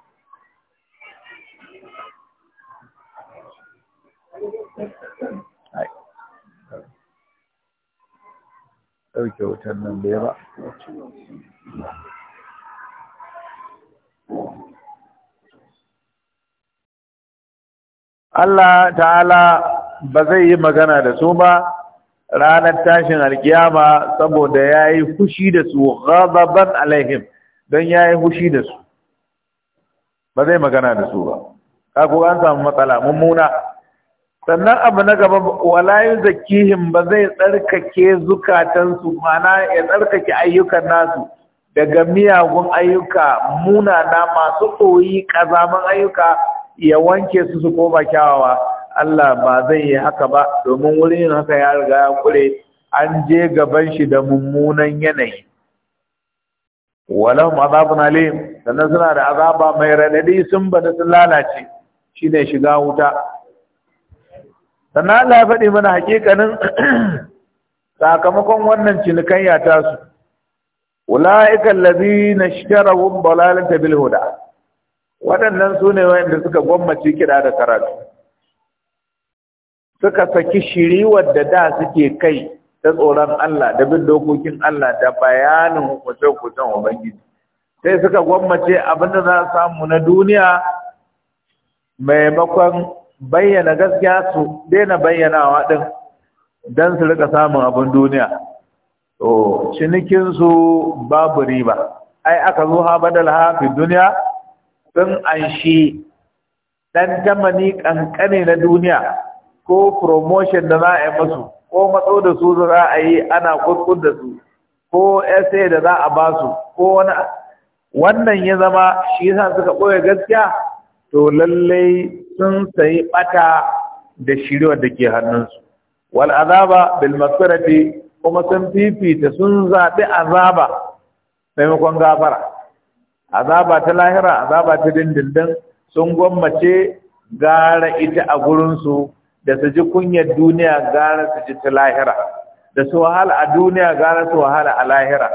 ɗauke wutan nan bai ba Allah ta'ala ba zai yi magana da su ba ranar tashin alkiyama saboda ya yi fushi da su ghazaban alaihim don ya yi fushi da su ba zai magana da su ba ku an samu matsala mummuna sannan abu na gaba walayu kihin ba zai tsarkake zukatansu mana ya tsarkake ayyukan nasu daga miyagun ayyuka munana masu tsoyi kazaman ayyuka ya wanke su su koma kyawawa Allah ba zai yi haka ba domin wurin yin haka ya riga ya kure an je gaban shi da mummunan yanayi walahum azabun alim sannan suna da azaba mai raɗaɗi sun bada sun lalace shine shiga wuta sannan Allah ya faɗi mana hakikanin <clears throat> sakamakon wannan cinikayya ta su ulaika allazina ishtaraw balalin bil huda waɗannan su ne wanda suka gwammaci kiɗa da karatu suka saki shiriwar da da suke kai ta tsoron Allah da bin dokokin Allah da bayanin hukuncen-hukuncen Ubangiji sai suka gwammace abinda da za samu na duniya maimakon bayyana gaskiya su daina bayyanawa ɗin don su rika samun abin duniya to cinikinsu babu riba ai aka zo ha badal ha fi duniya sun anshi dan tamani kankane na duniya ko promotion da za a yi ko matso da su za a yi ana kuskus da su ko essay da za a ba su ko wani wannan ya zama shi yasa suka ɓoye gaskiya to lallai sun sayi bata da shiriwar da ke hannunsu wal azaba bil kuma sun fifita sun zaɓi azaba maimakon gafara azaba ta lahira azaba ta dindindin sun gwammace gara ita a gurinsu da su ji kunyar duniya gara su ji ta lahira da su wahala a duniya gara su wahala a lahira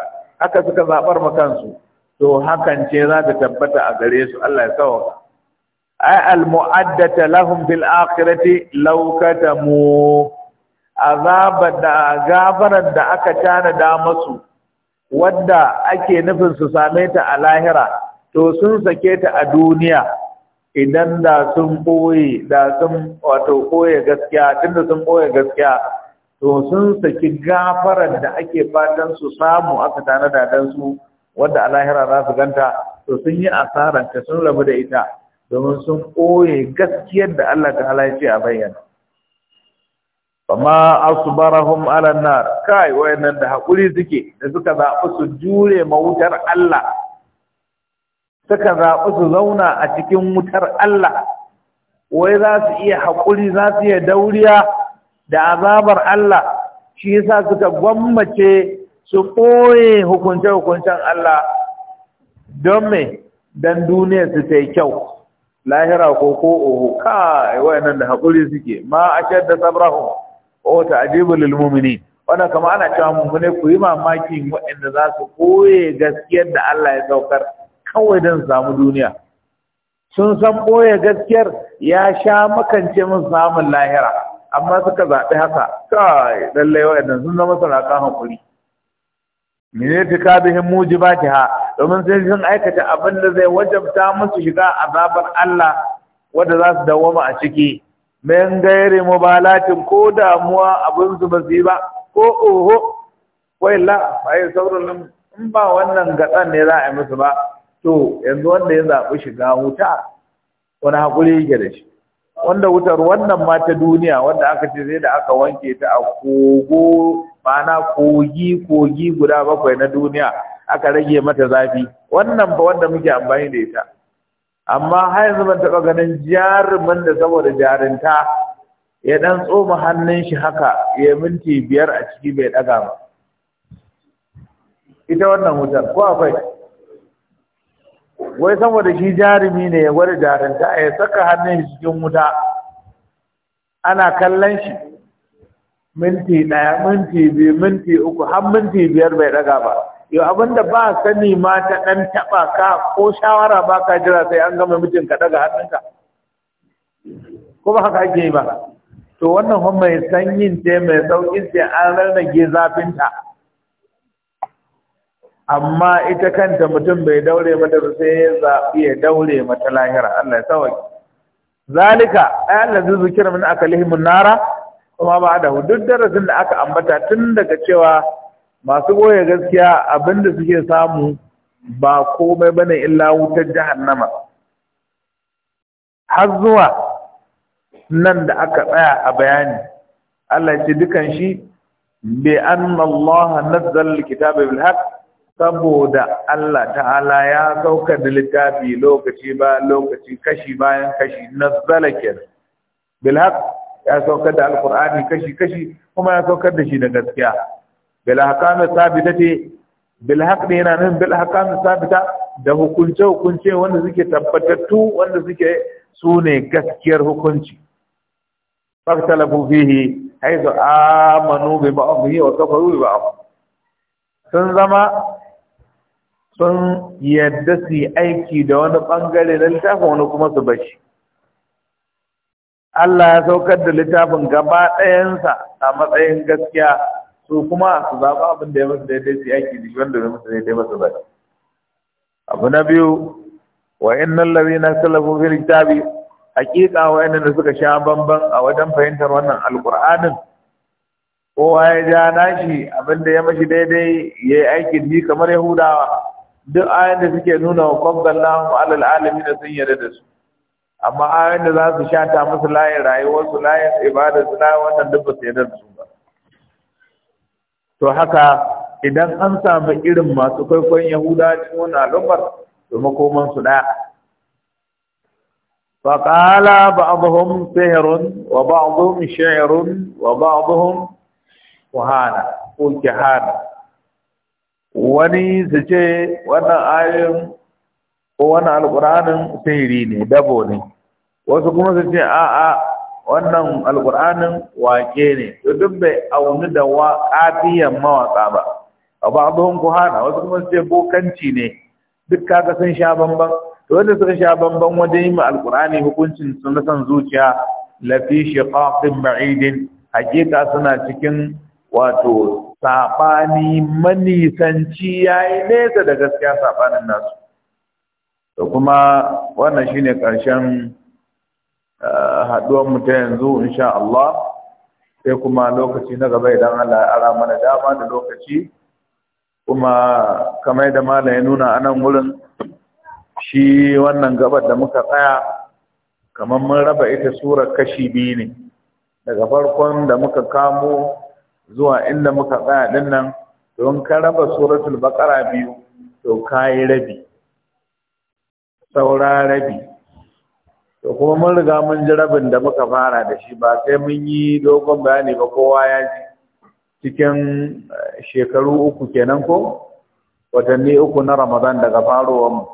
haka suka zaɓar makansu to hakan ce za ta tabbata a gare su Allah ya sauka ay al mu'addata lahum fil akhirati law katamu da gafarar da aka tanada masu wadda ake nufin su same ta a lahira to sun sake ta a duniya idan da sun ɓoye da sun wato gaskiya tunda sun gaskiya to sun saki gafarar da ake fatan su samu aka tanada dan su wadda a lahira za su ganta to sun yi asaranta sun rabu da ita domin sun ɓoye gaskiyar da Allah Ta halaye ce a bayyana amma asbarahum ala nar kai wayannan da hakuri suke da suka zaɓi su jure ma wutar Allah suka zaɓi su zauna a cikin wutar Allah wai za su iya hakuri za su iya dauriya da azabar Allah shi yasa suka gwammace su ɓoye hukunce-hukuncen Allah don me don duniya su ta yi kyau lahira ko ko oho kai wayannan da hakuri suke ma ashadda sabrahu o ta'jibu lil mu'minin wannan kama ana cewa ne ku yi mamakin wayanda za su koye gaskiyar da Allah ya saukar kawai dan samu duniya sun san boye gaskiyar ya sha makance mun samun lahira amma suka zaɓi haka kai lallai wayannan sun zama sarakan hakuri min yatika bihim mujibatiha domin sai sun aikata abin da zai wajabta musu shiga azabar Allah wanda za su dawoma a ciki min gairi mubalatin ko damuwa abin su ba su ba ko oho la ai sauran in ba wannan gatsan ne za a yi musu ba to yanzu wanda ya zaɓi shiga wuta wani haƙuri yake da shi wanda wutar wannan ma ta duniya wanda aka ce zai da aka wanke ta a kogo ma'ana kogi kogi guda bakwai na duniya aka rage mata zafi wannan ba wanda muke amfani da ita amma har yanzu ban taɓa ganin jarumin da saboda jarinta ya ɗan tsoma hannun shi haka ya minti biyar a ciki bai ɗaga ba ita wannan wutar ko akwai wai saboda shi jarumi ne ya gwada a ya saka hannun cikin wuta ana kallon shi minti ɗaya minti biyu minti uku har minti biyar bai daga ba yau abinda ba sani ma ta ɗan taɓa ka ko shawara ba ka jira sai an gama mijin ka daga hannunka ko ba haka ake yi ba to wannan homa mai sanyin ce mai sauƙin sai an rarrage zafinta amma ita kanta mutum bai daure mata ba sai ya zaɓi ya daure mata lahira Allah ya sauke zalika ay Allah zai zikira min akalihim nara kuma ba da duk darasin da aka ambata tun daga cewa masu goye gaskiya abinda suke samu ba komai bane illa wutar jahannama har zuwa nan da aka tsaya a bayani Allah ya ce dukan shi bi anna Allah nazzala alkitaba bil saboda Allah ta'ala ya saukar da littafi lokaci bayan lokaci kashi bayan kashi nazzala kenan Bilhaq ya saukar da alkur'ani kashi-kashi kuma ya saukar da shi da gaskiya bilhakamu sabita ce bilhak ne yana nan bilhakamu sabita da hukunce-hukunce wanda suke tabbatattu wanda suke su ne gaskiyar hukunci faktalafu fihi haizu amanu bi ba'abihi wa kafaru bi ba'abu sun zama sun yadda su yi aiki da wani ɓangare na littafin wani kuma su bashi Allah ya saukar da littafin gaba ɗayansa a matsayin gaskiya su kuma su zaɓa abin da ya masu daidai su yi aiki da shi wanda ya musu daidai ba su abu na biyu wa innal na salafu fil littafi, hakika wa inna suka sha bamban a wajen fahimtar wannan Alƙur'anin? kowa ya ja nashi abinda ya mashi daidai ya yi aiki da kamar yahudawa duk ayoyin da suke nuna wa wa alal alamin da sun yarda da su amma ayoyin da za su shata musu layin rayuwarsu layin su layin wannan duk ba su yarda da su ba to haka idan an samu irin masu kwaikwayon yahuda ne wani al'ummar to makoman su da فقال بعضهم سحر وبعضهم شعر وبعضهم ko وكهانة wani su ce wannan ayin ko wannan alƙur'anin sihiri ne dabo ne wasu kuma su ce a'a wannan alƙur'anin waƙe ne to duk bai auni da waƙafiyan mawaƙa ba a ba abin kuhana wasu kuma su ce bokanci ne duk kaga sun sha bamban to wanda sun sha bamban wajen yi ma alƙur'ani hukuncin sun na son zuciya lafi shiqaqin ba'idin hakika suna cikin wato saɓani manisanci ya yi nesa da gaskiya saɓanin nasu da kuma wannan shine ƙarshen eh, haɗuwanmu ta yanzu insha Allah sai kuma lokaci na gaba idan Allah ya ara mana dama da lokaci kuma kamar da malam ya nuna anan wurin shi wannan gabar da muka tsaya kamar mun raba ita surar kashi biyu ne daga farkon da muka kamo zuwa inda muka tsaya din nan don ka raba suratul baqara biyu to kai rabi saura rabi to kuma mun riga mun ji rabin da muka fara da shi ba sai mun yi dogon bayani ba kowa ya ji cikin eh, shekaru uku kenan ko watanni uku na ramadan daga farowar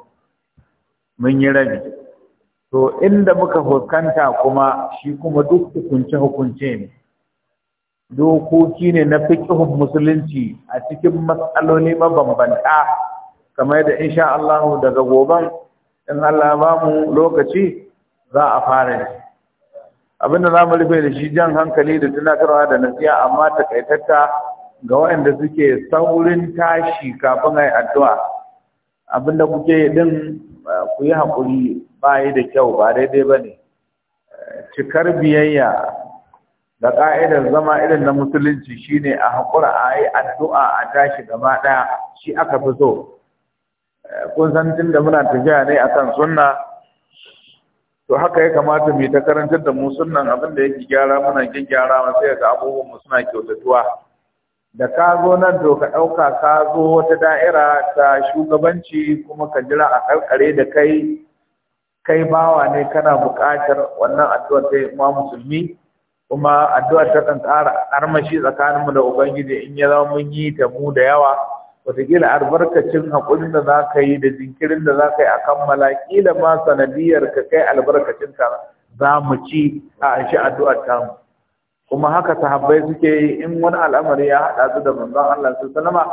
mun yi rabi to inda muka fuskanta kuma shi kuma duk hukunce hukunce ne dokoki ne na fiqhun musulunci a cikin matsaloli mabambanta kamar da insha Allah daga goban in Allah ba mu lokaci za a fara ne abinda zamu rufe da shi jan hankali da tunatarwa da nasiya amma takaitatta ga waɗanda suke saurin tashi kafin a yi addu'a abinda kuke din ku yi haƙuri ba yi da kyau ba daidai ba ne cikar biyayya da ƙa'idar zama irin na musulunci shine a haƙura a yi addu'a a tashi gaba ɗaya shi aka fi so eh, kun san tun da muna tafiya ne akan sunna to haka ya kamata mu ta karantar da mu sunnan abin da yake gyara muna kin gyara sai ga abubuwan mu suna kyautatuwa da ka zo nan to ka ɗauka ka zo wata da'ira ta shugabanci kuma ka jira a karkare da kai kai bawa ne kana buƙatar wannan addu'ar ta ma musulmi kuma addu'ar ta kan ƙara armashi tsakaninmu da ubangiji in ya zama mun yi ta mu da yawa wataƙila albarkacin haƙurin da za ka yi da jinkirin da za ka yi a kammala ƙila ma sanadiyar ka kai albarkacin ka za mu ci a ashe addu'ar mu. kuma haka sahabbai suke yi in wani al'amari ya haɗa su da manzon Allah su salama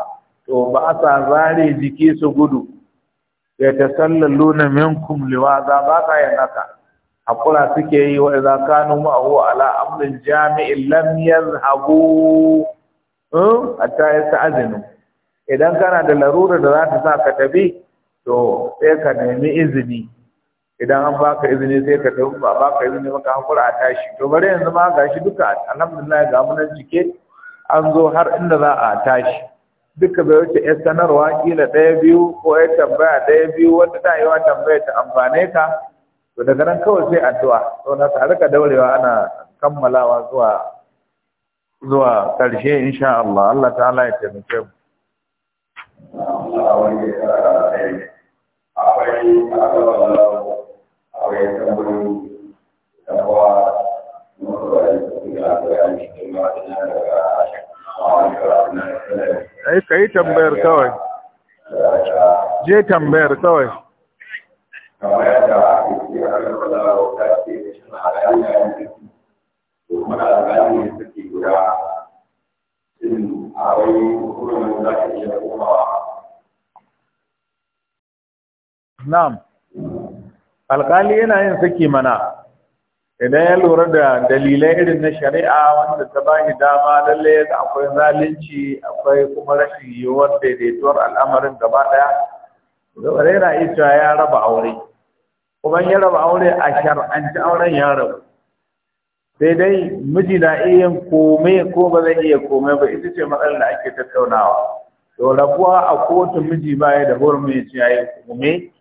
to ba sa zare jiki su gudu ya min minkum liwaza ba ka yi haka haƙura suke yi wa iza kanu huwa ala amrin jami'in lam yazhabu hmm? hatta yasta'zinu idan kana da larura da za ta sa ka tafi to sai ka nemi izini idan an baka izini sai ka tabi ba baka izini maka a tashi to bari yanzu ma gashi duka alhamdulillah ga munan cike an zo har inda za a tashi duka bai wuce ya sanarwa kila ɗaya biyu ko ya tambaya ɗaya biyu wanda ta yi wa tambaya ta amfane ka to daga nan kawai sai addu'a to na tare ka daurewa ana kammalawa zuwa zuwa ƙarshe insha Allah Allah ta'ala ya taimake mu Ai, ka yi tambayar kawai, je tambayar kawai. na'am alƙali yana yin saki mana idan ya lura da dalilai irin na shari'a wanda ta ba shi dama lalle akwai zalunci akwai kuma rashin yiwuwar daidaituwar al'amarin gaba ɗaya da raira ita ya raba aure uban ya raba aure a shar'anci auren ya rabu sai dai miji na iya komai ko ba zai iya komai ba ita ce matsalar da ake tattaunawa to rabuwa a kotu miji baya da hurmi ya ce ya yi komai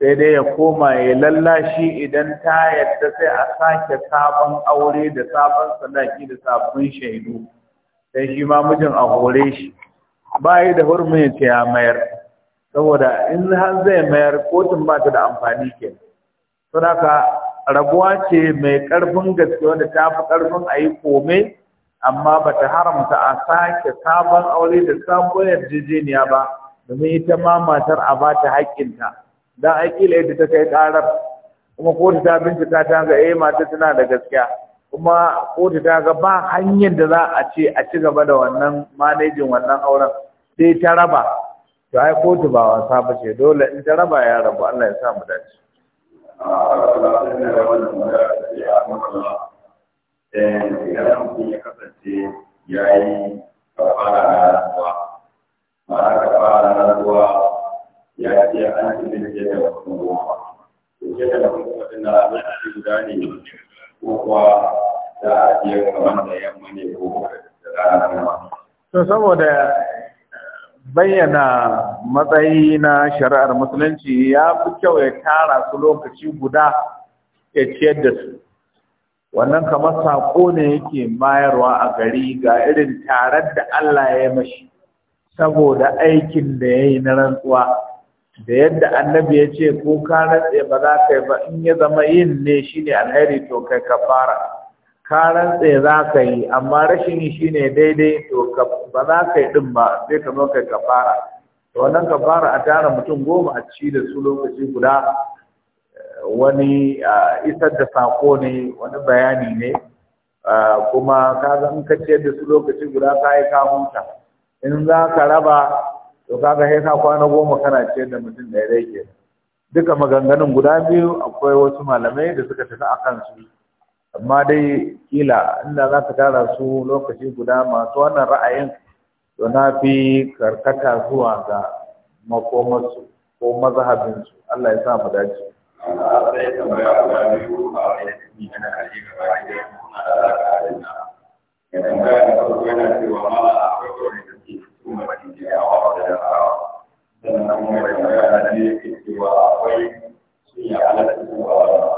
sai dai ya koma ya lallashi idan ta yadda sai a sake sabon aure da sabon sadaki da sabon shaidu sai shi ma mijin a hore shi ba yi da hurmi ce ya mayar saboda in har zai mayar kotun ba ta da amfani ke saboda raguwa ce mai karfin gaske wanda ta fi karfin a yi kome amma ba ta haramta a sake sabon aure da sabon yarjejeniya ba domin ita ma matar a ba ta haƙƙinta don aikila yadda ta kai ƙarar kuma kotu ta bincika ta ga eh mata tana da gaskiya kuma kotu ta ga ba hanyar da za a ce a ci gaba da wannan manejin wannan auren sai ta raba to ai kotu ba wasa ba ce dole in ta raba ya rabu Allah ya sa mu dace idan mutum ya ya yi ya ce an da da ya ne ko kuwa da yamma ne ko da saboda bayyana matsayi na shari'ar musulunci ya fi kyau ya tara su lokaci guda ya ciyar da su wannan kamar saƙo ne yake mayarwa a gari ga irin tarar da Allah ya mashi saboda aikin da ya yi na rantsuwa da yadda annabi ya ce ko ka rantse ba za ka yi ba in ya zama yin ne shine alheri to kai ka fara Karan rantse za ka yi amma rashin yi shi ne daidai to ba za ka yi ɗin ba sai ka zo kai kafara to wannan kafara a tara mutum goma a ci da su lokaci guda eh, wani eh, isar da sako ne wani bayani ne eh, kuma ka zan kace da su lokaci guda ka yi ka huta in za ka raba to ka ga ka kwana goma kana ciyar da mutum ɗaya ya ke duka maganganun guda biyu akwai wasu malamai da suka tafi a kansu amma dai kila inda za ka tara su lokaci guda masu wannan ra'ayin to na fi karkata zuwa ga makomarsu ko mazhabinsu Allah ya sa mu dace Sannan kuma da magana ne ke cewa akwai sun yi ba.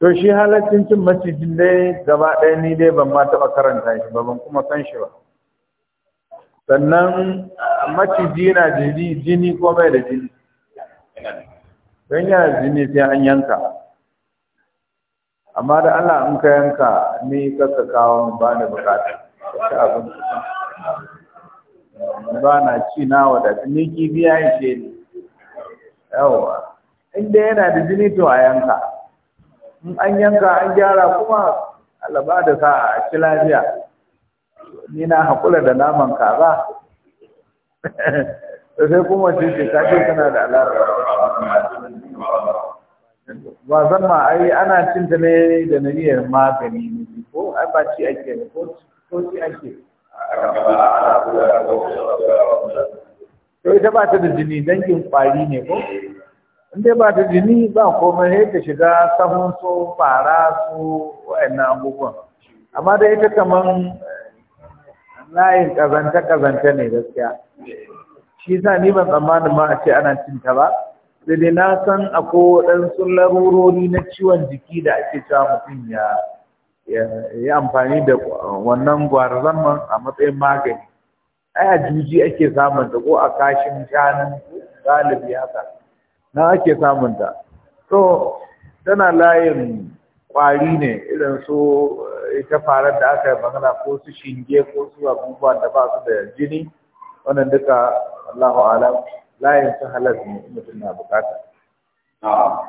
to shi halaccin cin macijin dai gaba ɗaya ni dai ban ma taɓa karanta shi ba ban kuma san shi ba sannan maciji yana jini jini ko mai da jini don yana jini sai an yanka amma da Allah in ka yanka ni kaka kawo ba da bukata ta abin ba na ci na wadatu ni kibiya ishe ne yawwa inda yana da jini to a yanka in an yanka an gyara kuma alaba da sa a ci lafiya ni na hakura da naman kaza <laughs> sai kuma shi ce ka ce kana da alaƙa ba zan ma ai ana cin ta ne da nariyar magani ne ko ai ba ci ake ne ko ci ake to ita ba ta da jini dangin kwari ne ko in dai ba ta jini ba komai sai ta shiga sahun su fara su wa'annan abubuwan amma dai ita kaman eh, layin kazanta kazanta ne gaskiya shi sa ni ban tsammanin ma a ce ana cinta ba Da dai na san akwai waɗansu larurori na ciwon jiki da ake cewa mutum ya yi amfani da wannan gwarzan a matsayin magani ai a juji ake samun ta ko a kashin shanun galibi haka na ake samunta so tana layin kwari ne irin su eh, ita farar da aka yi magana ko su shinge ko su abubuwa da ba su da jini wannan duka Allahu alam layin su halar ne mutum na bukata. A'a,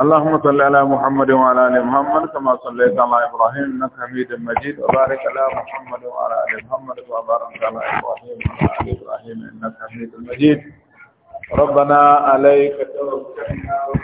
اللهم صل على محمد وعلى ال محمد كما صليت على ابراهيم انك حميد مجيد وبارك على محمد وعلى ال محمد وبارك على ابراهيم وعلى ال ابراهيم انك حميد مجيد ربنا عليك توكلنا